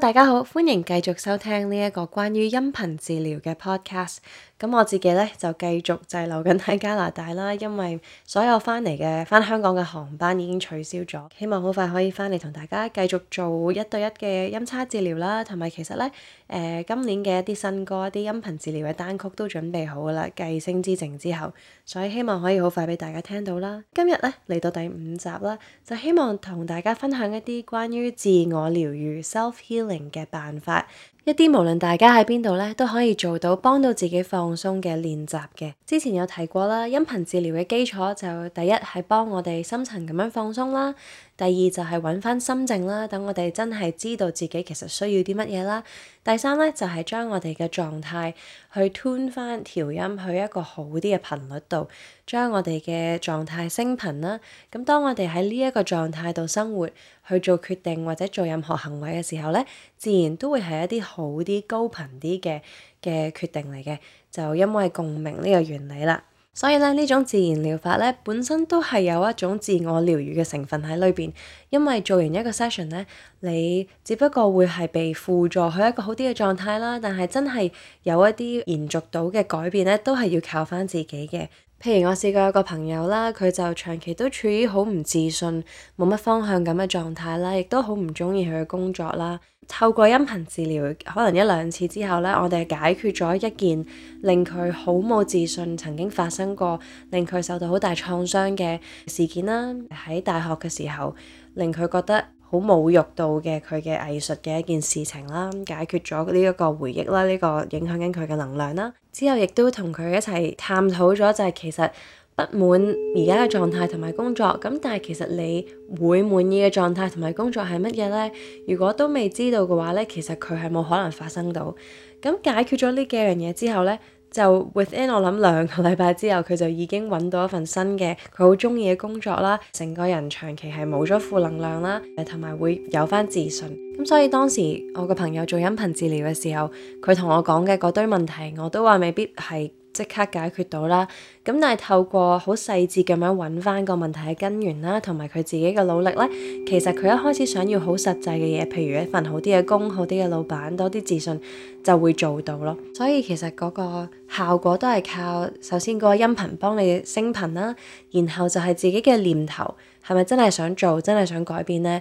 大家好，歡迎繼續收聽呢一個關於音頻治療嘅 podcast。咁我自己咧就繼續滯留緊喺加拿大啦，因為所有翻嚟嘅翻香港嘅航班已經取消咗，希望好快可以翻嚟同大家繼續做一對一嘅音叉治療啦。同埋其實咧，誒、呃、今年嘅一啲新歌、一啲音頻治療嘅單曲都準備好啦，繼星之靜之後，所以希望可以好快俾大家聽到啦。今日咧嚟到第五集啦，就希望同大家分享一啲關於自我療癒 （self 嘅辦法，一啲無論大家喺邊度咧都可以做到，幫到自己放鬆嘅練習嘅。之前有提過啦，音頻治療嘅基礎就第一係幫我哋深層咁樣放鬆啦。第二就係揾翻心靜啦，等我哋真係知道自己其實需要啲乜嘢啦。第三咧就係將我哋嘅狀態去吞 u 翻調音去一個好啲嘅頻率度，將我哋嘅狀態升頻啦。咁當我哋喺呢一個狀態度生活，去做決定或者做任何行為嘅時候咧，自然都會係一啲好啲高頻啲嘅嘅決定嚟嘅，就因為共鳴呢個原理啦。所以呢，呢種自然療法呢，本身都係有一種自我療愈嘅成分喺裡面，因為做完一個 session 呢，你只不過會係被輔助去一個好啲嘅狀態啦，但係真係有一啲延續到嘅改變呢，都係要靠返自己嘅。譬如我試過有個朋友啦，佢就長期都處於好唔自信、冇乜方向咁嘅狀態啦，亦都好唔鍾意佢嘅工作啦。透過音頻治療，可能一兩次之後咧，我哋解決咗一件令佢好冇自信、曾經發生過令佢受到好大創傷嘅事件啦。喺大學嘅時候，令佢覺得好侮辱到嘅佢嘅藝術嘅一件事情啦，解決咗呢一個回憶啦，呢個影響緊佢嘅能量啦。之後亦都同佢一齊探討咗，就係其實不滿而家嘅狀態同埋工作。咁但係其實你會滿意嘅狀態同埋工作係乜嘢咧？如果都未知道嘅話咧，其實佢係冇可能發生到。咁解決咗呢幾樣嘢之後咧。就 within，我諗兩個禮拜之後佢就已經搵到一份新嘅佢好中意嘅工作啦。成個人長期係冇咗負能量啦，同埋會有返自信。咁所以當時我個朋友做音頻治療嘅時候，佢同我講嘅嗰堆問題，我都話未必係。即刻解決到啦，咁但係透過好細緻咁樣揾返個問題嘅根源啦，同埋佢自己嘅努力咧，其實佢一開始想要好實際嘅嘢，譬如一份好啲嘅工、好啲嘅老闆、多啲自信，就會做到咯。所以其實嗰個效果都係靠首先嗰個音頻幫你升頻啦，然後就係自己嘅念頭，係咪真係想做、真係想改變咧？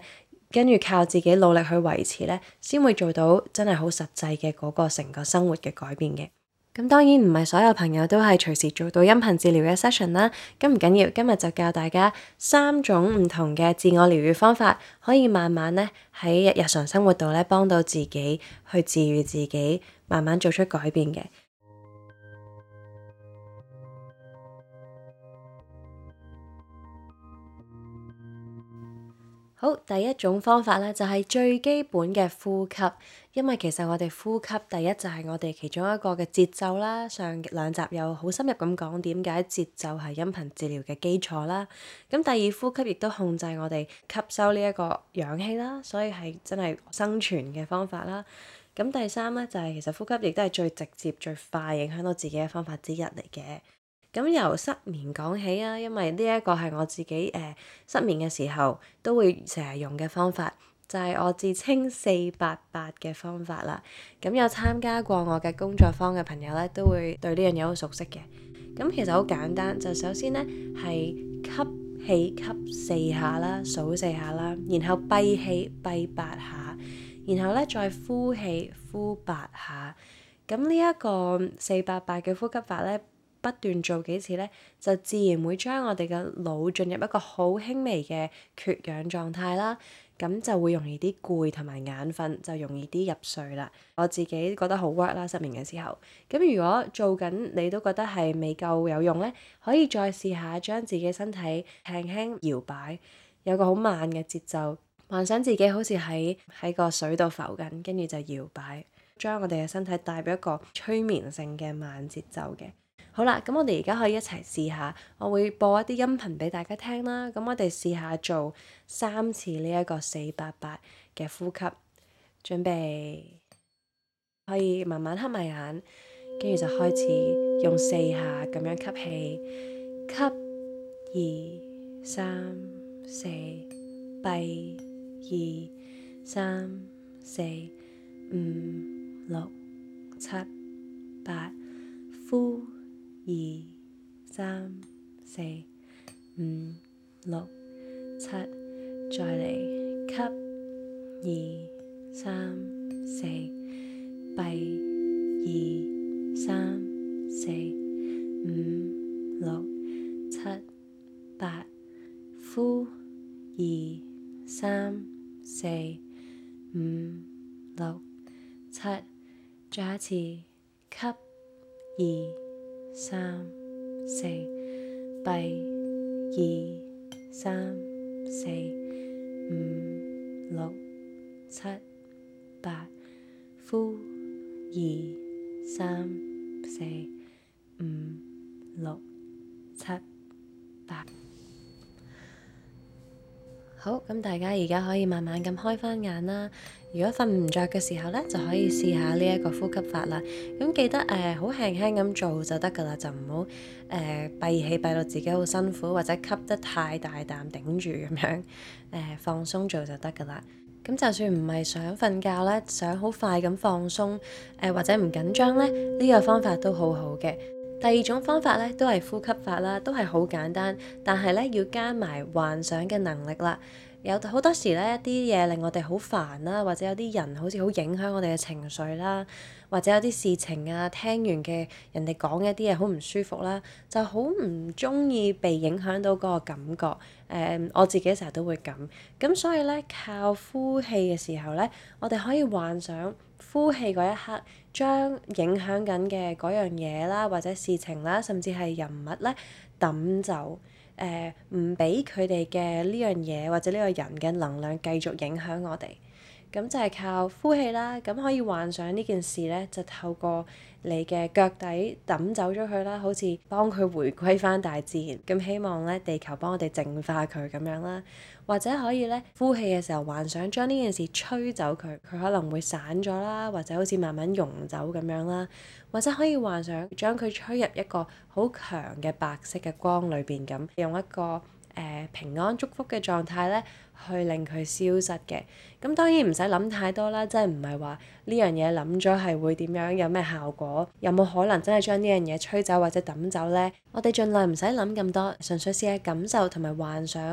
跟住靠自己努力去維持咧，先會做到真係好實際嘅嗰個成個生活嘅改變嘅。咁當然唔係所有朋友都係隨時做到音頻治療嘅 session 啦。咁唔緊要，今日就教大家三種唔同嘅自我療癒方法，可以慢慢咧喺日常生活度咧幫到自己去治癒自己，慢慢做出改變嘅。好，第一種方法咧，就係最基本嘅呼吸，因為其實我哋呼吸第一就係我哋其中一個嘅節奏啦。上兩集有好深入咁講點解節奏係音頻治療嘅基礎啦。咁第二呼吸亦都控制我哋吸收呢一個氧氣啦，所以係真係生存嘅方法啦。咁第三咧就係其實呼吸亦都係最直接最快影響到自己嘅方法之一嚟嘅。咁由失眠講起啊，因為呢一個係我自己誒、呃、失眠嘅時候都會成日用嘅方法，就係、是、我自稱四八八嘅方法啦。咁、嗯、有參加過我嘅工作坊嘅朋友咧，都會對呢樣嘢好熟悉嘅。咁、嗯、其實好簡單，就首先咧係吸氣吸四下啦，數四下啦，然後閉氣閉八下，然後咧再呼氣呼八下。咁呢一個四八八嘅呼吸法咧。不斷做幾次咧，就自然會將我哋嘅腦進入一個好輕微嘅缺氧狀態啦。咁就會容易啲攰同埋眼瞓，就容易啲入睡啦。我自己覺得好 work 啦，失眠嘅時候。咁如果做緊你都覺得係未夠有用咧，可以再試下將自己身體輕輕搖擺，有個好慢嘅節奏，幻想自己好似喺喺個水度浮緊，跟住就搖擺，將我哋嘅身體帶俾一個催眠性嘅慢節奏嘅。好啦，咁我哋而家可以一齊試下，我會播一啲音頻俾大家聽啦。咁我哋試下做三次呢一個四八八嘅呼吸，準備可以慢慢瞌埋眼，跟住就開始用四下咁樣吸氣，吸，二三四，閉，二三四五六七八，呼。二三四五六七，再嚟吸。二三四閉。二三四五六七八呼。二三四五六七，再一次吸。二。慢慢咁開翻眼啦，如果瞓唔着嘅時候呢，就可以試下呢一個呼吸法啦。咁記得誒，好輕輕咁做就得噶啦，就唔好誒閉氣閉到自己好辛苦，或者吸得太大啖頂住咁樣誒、呃、放鬆做就得噶啦。咁就算唔係想瞓覺咧，想好快咁放鬆誒、呃、或者唔緊張呢，呢、呢個方法都好好嘅。第二種方法呢，都係呼吸法啦，都係好簡單，但係呢要加埋幻想嘅能力啦。有好多時咧，一啲嘢令我哋好煩啦，或者有啲人好似好影響我哋嘅情緒啦，或者有啲事情啊，聽完嘅人哋講嘅一啲嘢好唔舒服啦，就好唔中意被影響到嗰個感覺。誒、嗯，我自己成日都會咁，咁所以咧，靠呼氣嘅時候咧，我哋可以幻想呼氣嗰一刻，將影響緊嘅嗰樣嘢啦，或者事情啦，甚至係人物咧，抌走。誒，唔俾佢哋嘅呢樣嘢，或者呢個人嘅能量繼續影響我哋。咁就係靠呼氣啦，咁可以幻想呢件事咧，就透過你嘅腳底抌走咗佢啦，好似幫佢回歸翻大自然，咁希望咧地球幫我哋淨化佢咁樣啦，或者可以咧呼氣嘅時候幻想將呢件事吹走佢，佢可能會散咗啦，或者好似慢慢溶走咁樣啦，或者可以幻想將佢吹入一個好強嘅白色嘅光裏邊咁，用一個。誒平安祝福嘅狀態咧，去令佢消失嘅。咁當然唔使諗太多啦，即係唔係話呢樣嘢諗咗係會點樣，有咩效果，有冇可能真係將呢樣嘢吹走或者抌走咧？我哋盡量唔使諗咁多，純粹試下感受同埋幻想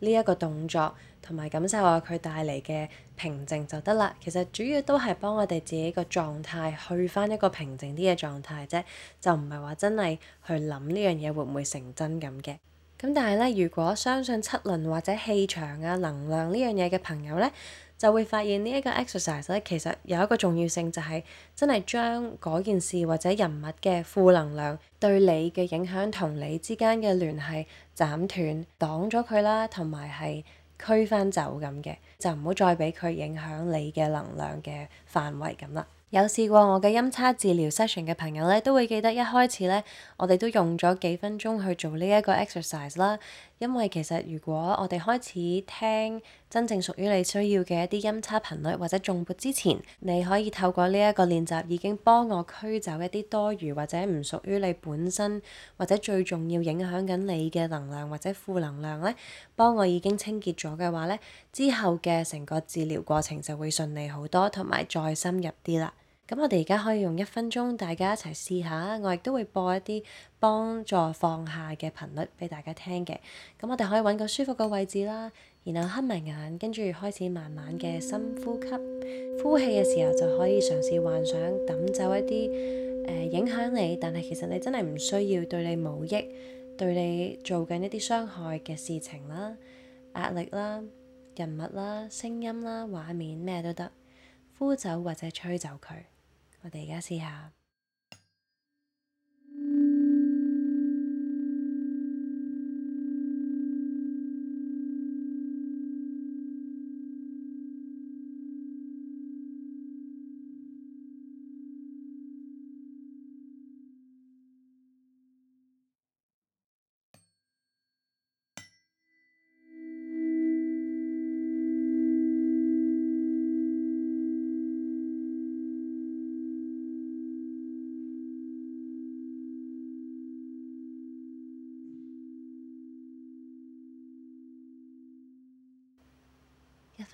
呢一個動作，同埋感受下佢帶嚟嘅平靜就得啦。其實主要都係幫我哋自己個狀態去翻一個平靜啲嘅個狀態啫，就唔係話真係去諗呢樣嘢會唔會成真咁嘅。咁但係咧，如果相信七輪或者氣場啊、能量呢樣嘢嘅朋友咧，就會發現呢一個 exercise 咧，其實有一個重要性，就係真係將嗰件事或者人物嘅負能量對你嘅影響同你之間嘅聯繫斬斷，擋咗佢啦，同埋係驅翻走咁嘅，就唔好再俾佢影響你嘅能量嘅範圍咁啦。有試過我嘅音叉治療 session 嘅朋友呢，都會記得一開始呢，我哋都用咗幾分鐘去做呢一個 exercise 啦。因為其實如果我哋開始聽真正屬於你需要嘅一啲音叉頻率或者重撥之前，你可以透過呢一個練習已經幫我驅走一啲多餘或者唔屬於你本身或者最重要影響緊你嘅能量或者負能量咧，幫我已經清潔咗嘅話咧，之後嘅成個治療過程就會順利好多同埋再深入啲啦。咁我哋而家可以用一分鐘，大家一齊試下，我亦都會播一啲幫助放下嘅頻率俾大家聽嘅。咁我哋可以揾個舒服嘅位置啦，然後黑埋眼，跟住開始慢慢嘅深呼吸。呼氣嘅時候就可以嘗試幻想抌走一啲誒、呃、影響你，但係其實你真係唔需要對你冇益、對你做緊一啲傷害嘅事情啦、壓力啦、人物啦、聲音啦、畫面咩都得，呼走或者吹走佢。我哋而家試下。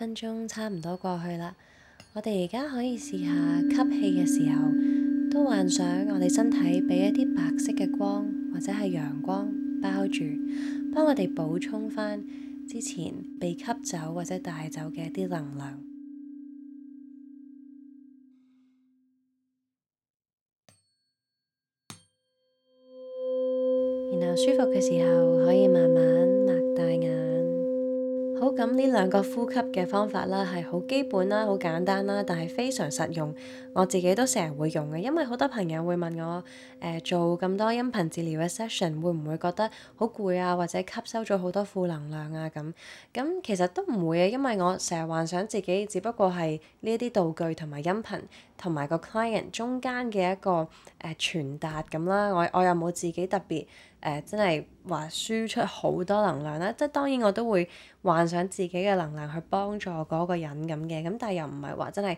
分鐘差唔多過去啦，我哋而家可以試下吸氣嘅時候，都幻想我哋身體俾一啲白色嘅光或者係陽光包住，幫我哋補充翻之前被吸走或者帶走嘅一啲能量。然後舒服嘅時候可以慢慢擘大眼。好，咁呢兩個呼吸嘅方法啦，係好基本啦，好簡單啦，但係非常實用。我自己都成日會用嘅，因為好多朋友會問我，誒、呃、做咁多音頻治療嘅 session 會唔會覺得好攰啊，或者吸收咗好多負能量啊咁？咁、嗯、其實都唔會嘅，因為我成日幻想自己，只不過係呢啲道具同埋音頻同埋個 client 中間嘅一個誒傳達咁啦。我我又冇自己特別。誒、呃、真係話輸出好多能量啦，即係當然我都會幻想自己嘅能量去幫助嗰個人咁嘅，咁但係又唔係話真係。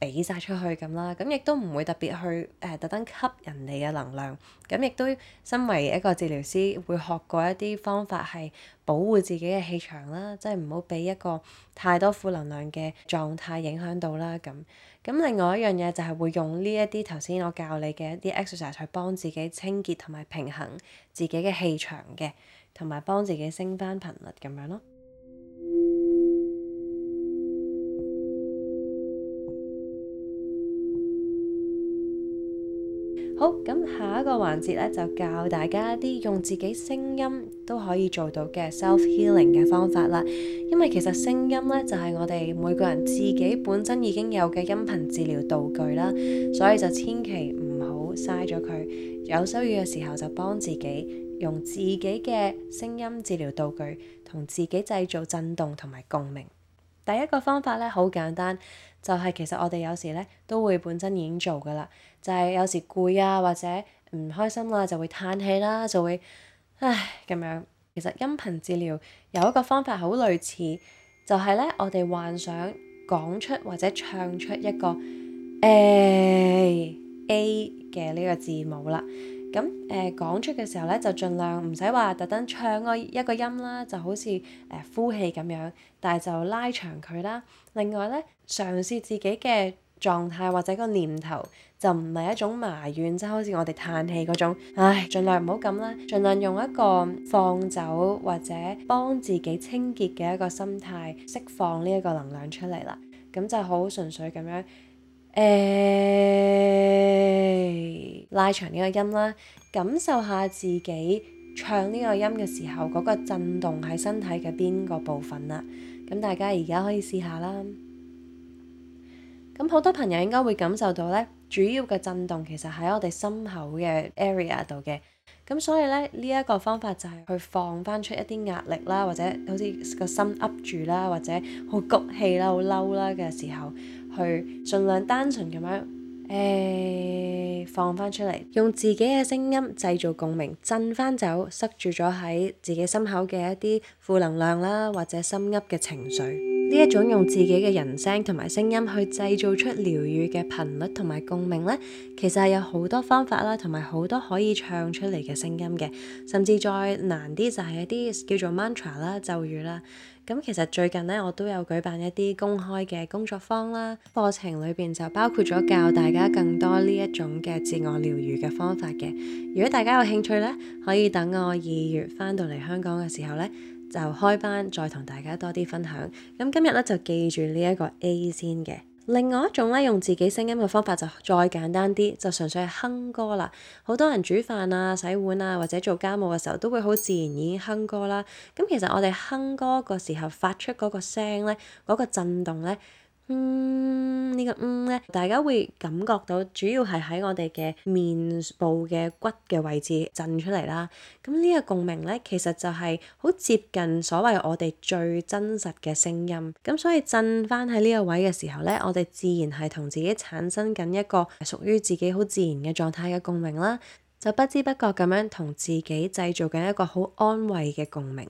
俾晒出去咁啦，咁亦都唔會特別去誒特登吸人哋嘅能量，咁亦都身為一個治療師，會學過一啲方法係保護自己嘅氣場啦，即係唔好俾一個太多負能量嘅狀態影響到啦咁。咁另外一樣嘢就係會用呢一啲頭先我教你嘅一啲 exercise 去幫自己清潔同埋平衡自己嘅氣場嘅，同埋幫自己升返頻率咁樣咯。好，咁下一個環節咧就教大家一啲用自己聲音都可以做到嘅 self healing 嘅方法啦。因為其實聲音咧就係我哋每個人自己本身已經有嘅音頻治療道具啦，所以就千祈唔好嘥咗佢。有需要嘅時候就幫自己用自己嘅聲音治療道具，同自己製造震動同埋共鳴。第一個方法咧好簡單，就係其實我哋有時咧都會本身已經做噶啦。就係有時攰啊，或者唔開心啦，就會嘆氣啦，就會唉咁樣。其實音頻治療有一個方法好類似，就係、是、咧我哋幻想講出或者唱出一個誒、欸、A 嘅呢個字母啦。咁誒講出嘅時候咧，就盡量唔使話特登唱嗰一個音啦，就好似誒、呃、呼氣咁樣，但係就拉長佢啦。另外咧，嘗試自己嘅狀態或者個念頭就唔係一種埋怨，即係好似我哋嘆氣嗰種，唉，儘量唔好咁啦，儘量用一個放走或者幫自己清潔嘅一個心態，釋放呢一個能量出嚟啦，咁就好純粹咁樣，誒，拉長呢個音啦，感受下自己唱呢個音嘅時候嗰個震動喺身體嘅邊個部分啦，咁大家而家可以試下啦。咁好多朋友應該會感受到咧，主要嘅震動其實喺我哋心口嘅 area 度嘅，咁所以咧呢一個方法就係去放翻出一啲壓力啦，或者好似個心噏住啦，或者好焗氣啦、好嬲啦嘅時候，去盡量單純咁樣誒放翻出嚟，用自己嘅聲音製造共鳴，震翻走，塞住咗喺自己心口嘅一啲負能量啦，或者心噏嘅情緒。呢一種用自己嘅人聲同埋聲音去製造出療癒嘅頻率同埋共鳴呢，其實係有好多方法啦，同埋好多可以唱出嚟嘅聲音嘅。甚至再難啲就係一啲叫做 mantra 啦、咒語啦。咁其實最近呢，我都有舉辦一啲公開嘅工作坊啦，課程裏邊就包括咗教大家更多呢一種嘅自我療癒嘅方法嘅。如果大家有興趣呢，可以等我二月翻到嚟香港嘅時候呢。就開班再同大家多啲分享，咁今日咧就記住呢一個 A 先嘅。另外一種咧，用自己聲音嘅方法就再簡單啲，就純粹係哼歌啦。好多人煮飯啊、洗碗啊或者做家務嘅時候，都會好自然已經哼歌啦。咁其實我哋哼歌個時候發出嗰個聲咧，嗰個震動咧。嗯，呢個嗯咧，大家會感覺到主要係喺我哋嘅面部嘅骨嘅位置震出嚟啦。咁呢個共鳴咧，其實就係好接近所謂我哋最真實嘅聲音。咁所以震返喺呢個位嘅時候咧，我哋自然係同自己產生緊一個屬於自己好自然嘅狀態嘅共鳴啦，就不知不覺咁樣同自己製造緊一個好安慰嘅共鳴。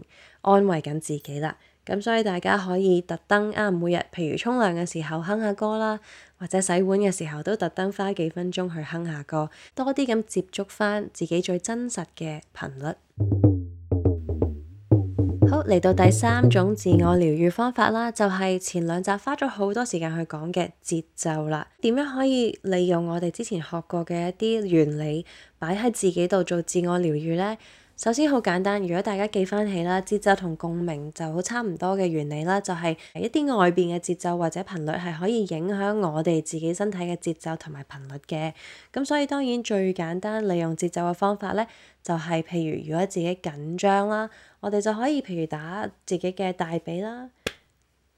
安慰緊自己啦，咁所以大家可以特登啊，每日譬如沖涼嘅時候哼下歌啦，或者洗碗嘅時候都特登花幾分鐘去哼下歌，多啲咁接觸翻自己最真實嘅頻率。 好，嚟到第三種自我療癒方法啦，就係前兩集花咗好多時間去講嘅節奏啦，點樣可以利用我哋之前學過嘅一啲原理擺喺自己度做自我療癒呢？首先好簡單，如果大家記翻起啦，節奏同共鳴就好差唔多嘅原理啦，就係一啲外邊嘅節奏或者頻率係可以影響我哋自己身體嘅節奏同埋頻率嘅。咁所以當然最簡單利用節奏嘅方法咧，就係譬如如果自己緊張啦，我哋就可以譬如打自己嘅大髀啦，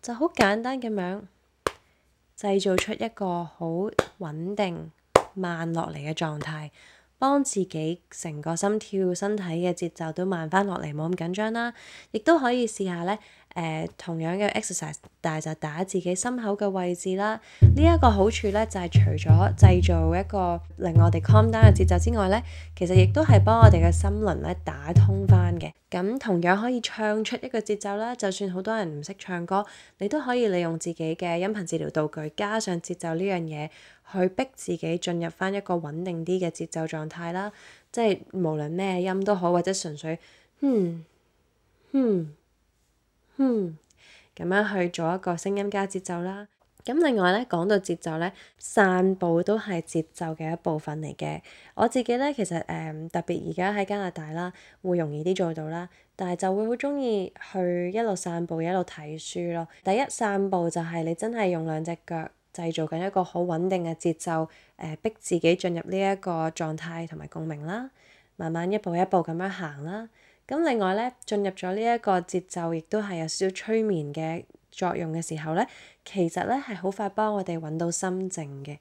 就好簡單咁樣製造出一個好穩定慢落嚟嘅狀態。幫自己成個心跳、身體嘅節奏都慢返落嚟，冇咁緊張啦，亦都可以試下呢。誒、呃、同樣嘅 exercise，但係就打自己心口嘅位置啦。呢、這、一個好處咧，就係、是、除咗製造一個令我哋 calm down 嘅節奏之外咧，其實亦都係幫我哋嘅心輪咧打通翻嘅。咁同樣可以唱出一個節奏啦。就算好多人唔識唱歌，你都可以利用自己嘅音頻治療道具，加上節奏呢樣嘢，去逼自己進入翻一個穩定啲嘅節奏狀態啦。即係無論咩音都好，或者純粹，嗯，嗯。嗯，咁樣去做一個聲音加節奏啦。咁另外咧，講到節奏咧，散步都係節奏嘅一部分嚟嘅。我自己咧，其實誒、呃、特別而家喺加拿大啦，會容易啲做到啦。但係就會好中意去一路散步一路睇書咯。第一散步就係你真係用兩隻腳製造緊一個好穩定嘅節奏，誒、呃、逼自己進入呢一個狀態同埋共鳴啦。慢慢一步一步咁樣行啦。咁另外咧，進入咗呢一個節奏，亦都係有少少催眠嘅作用嘅時候咧，其實咧係好快幫我哋揾到心靜嘅。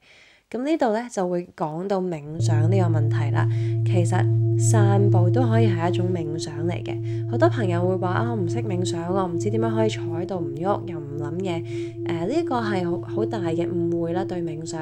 咁呢度咧就會講到冥想呢個問題啦。其實散步都可以係一種冥想嚟嘅，好多朋友會話啊，我唔識冥想，我唔知點樣可以坐喺度唔喐又唔諗嘢。誒、呃，呢、呢個係好好大嘅誤會啦，對冥想。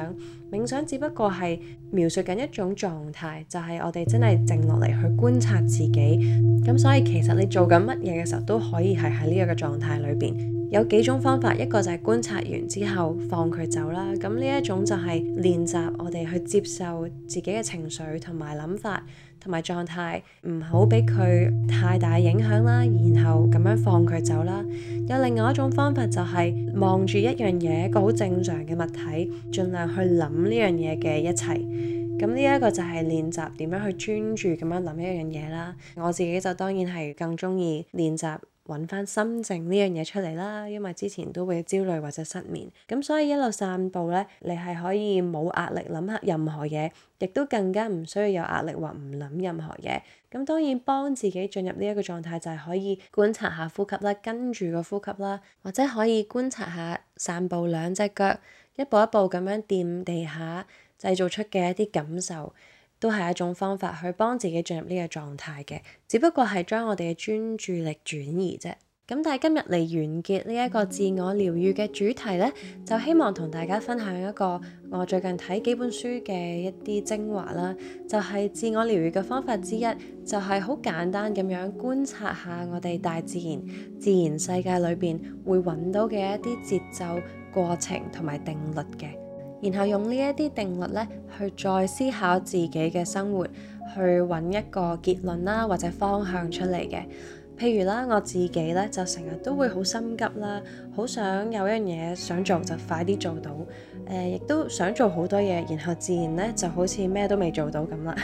冥想只不過係描述緊一種狀態，就係、係、我哋真係靜落嚟去觀察自己。咁所以其實你做緊乜嘢嘅時候都可以係喺呢一個狀態裏邊。有幾種方法，一個就係觀察完之後放佢走啦。咁呢一種就係練習我哋去接受自己嘅情緒同埋諗法同埋狀態，唔好俾佢太大影響啦。然後咁樣放佢走啦。有另外一種方法就係望住一樣嘢，一個好正常嘅物體，盡量去諗呢樣嘢嘅一切。咁呢一個就係練習點樣去專注咁樣諗一樣嘢啦。我自己就當然係更鍾意練習。揾翻心靜呢樣嘢出嚟啦，因為之前都會焦慮或者失眠，咁所以一路散步咧，你係可以冇壓力諗下任何嘢，亦都更加唔需要有壓力或唔諗任何嘢。咁當然幫自己進入呢一個狀態就係可以觀察下呼吸啦，跟住個呼吸啦，或者可以觀察下散步兩隻腳一步一步咁樣掂地下，製造出嘅一啲感受。都係一種方法去幫自己進入呢個狀態嘅，只不過係將我哋嘅專注力轉移啫。咁但係今日嚟完結呢一個自我療癒嘅主題呢，就希望同大家分享一個我最近睇幾本書嘅一啲精華啦，就係自我療癒嘅方法之一，就係好簡單咁樣觀察下我哋大自然、自然世界裏邊會揾到嘅一啲節奏、過程同埋定律嘅。然後用呢一啲定律咧，去再思考自己嘅生活，去揾一個結論啦，或者方向出嚟嘅。譬如啦，我自己咧就成日都會好心急啦，好想有一樣嘢想做就快啲做到。誒、呃，亦都想做好多嘢，然後自然咧就好似咩都未做到咁啦。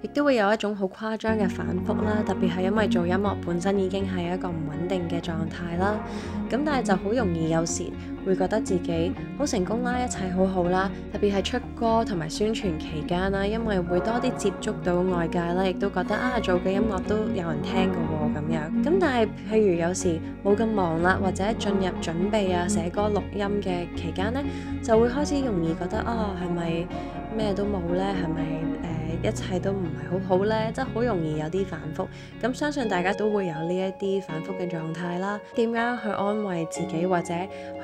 亦 都會有一種好誇張嘅反覆啦，特別係因為做音樂本身已經係一個唔穩定嘅狀態啦。咁但係就好容易有時，會覺得自己好成功啦，一切好好啦，特別係出歌同埋宣傳期間啦，因為會多啲接觸到外界啦，亦都覺得啊，做嘅音樂都有人聽嘅喎，咁樣。咁但係譬如有時冇咁忙啦，或者進入準備啊、寫歌、錄音嘅期間呢，就會開始容易覺得啊，係咪咩都冇呢？係咪？Uh, 一切都唔係好好咧，即係好容易有啲反覆咁相信大家都會有呢一啲反覆嘅狀態啦。點樣去安慰自己，或者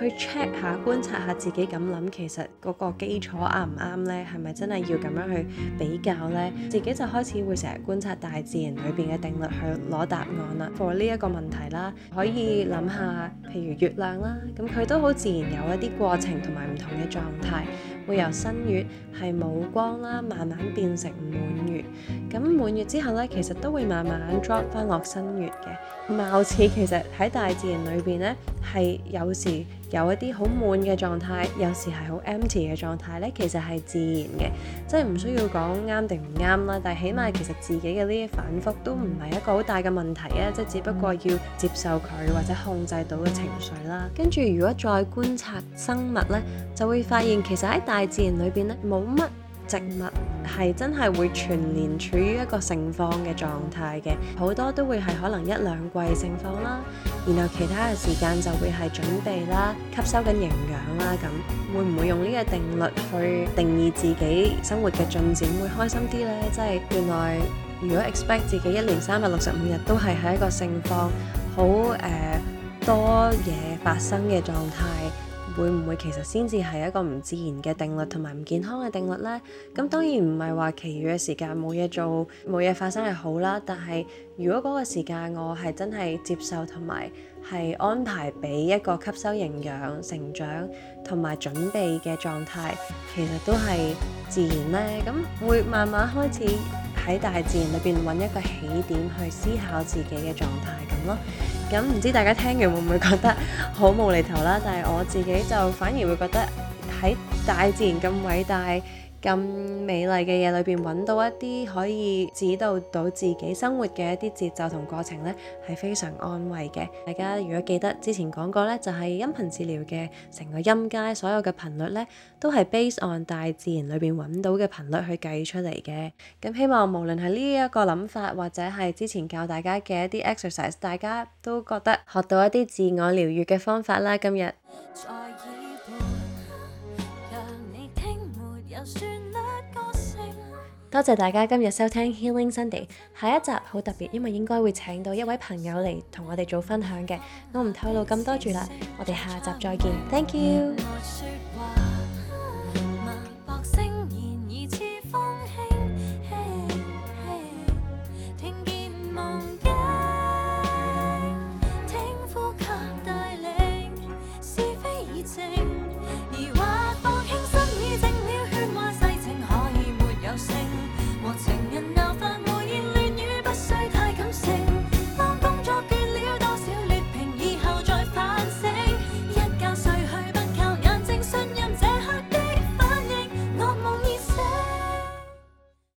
去 check 下、觀察下自己咁諗其實嗰個基礎啱唔啱咧？係咪真係要咁樣去比較咧？自己就開始會成日觀察大自然裏邊嘅定律去攞答案啦。for 呢一個問題啦，可以諗下，譬如月亮啦，咁佢都好自然有一啲過程同埋唔同嘅狀態，會由新月係冇光啦，慢慢變成。滿月，咁滿月之後呢，其實都會慢慢 drop 翻落新月嘅。貌似其實喺大自然裏邊呢，係有時有一啲好滿嘅狀態，有時係好 empty 嘅狀態呢，其實係自然嘅，即係唔需要講啱定唔啱啦。但係起碼其實自己嘅呢啲反覆都唔係一個好大嘅問題啊，即係只不過要接受佢或者控制到嘅情緒啦。跟住如果再觀察生物呢，就會發現其實喺大自然裏邊呢，冇乜，植物係真係會全年處於一個盛放嘅狀態嘅，好多都會係可能一兩季盛放啦，然後其他嘅時間就會係準備啦、吸收緊營養啦咁。會唔會用呢個定律去定義自己生活嘅進展會開心啲呢？即係原來如果 expect 自己一年三百六十五日都係喺一個盛放、好誒、呃、多嘢發生嘅狀態。會唔會其實先至係一個唔自然嘅定律同埋唔健康嘅定律呢？咁當然唔係話，其餘嘅時間冇嘢做冇嘢發生係好啦。但係如果嗰個時間我係真係接受同埋係安排俾一個吸收營養、成長同埋準備嘅狀態，其實都係自然呢。咁會慢慢開始喺大自然裏邊揾一個起點去思考自己嘅狀態咁咯。咁唔知大家聽完會唔會覺得好無厘頭啦？但係我自己就反而會覺得喺大自然咁偉大。咁美麗嘅嘢裏邊揾到一啲可以指導到自己生活嘅一啲節奏同過程呢，係非常安慰嘅。大家如果記得之前講過呢，就係、是、音頻治療嘅成個音階，所有嘅頻率呢，都係 based on 大自然裏邊揾到嘅頻率去計出嚟嘅。咁、嗯、希望無論係呢一個諗法或者係之前教大家嘅一啲 exercise，大家都覺得學到一啲自我療癒嘅方法啦。今日。再見。多謝大家今日收聽 Healing Sunday，下一集好特別，因為應該會請到一位朋友嚟同我哋做分享嘅，我唔透露咁多住啦，我哋下集再見 ，Thank you。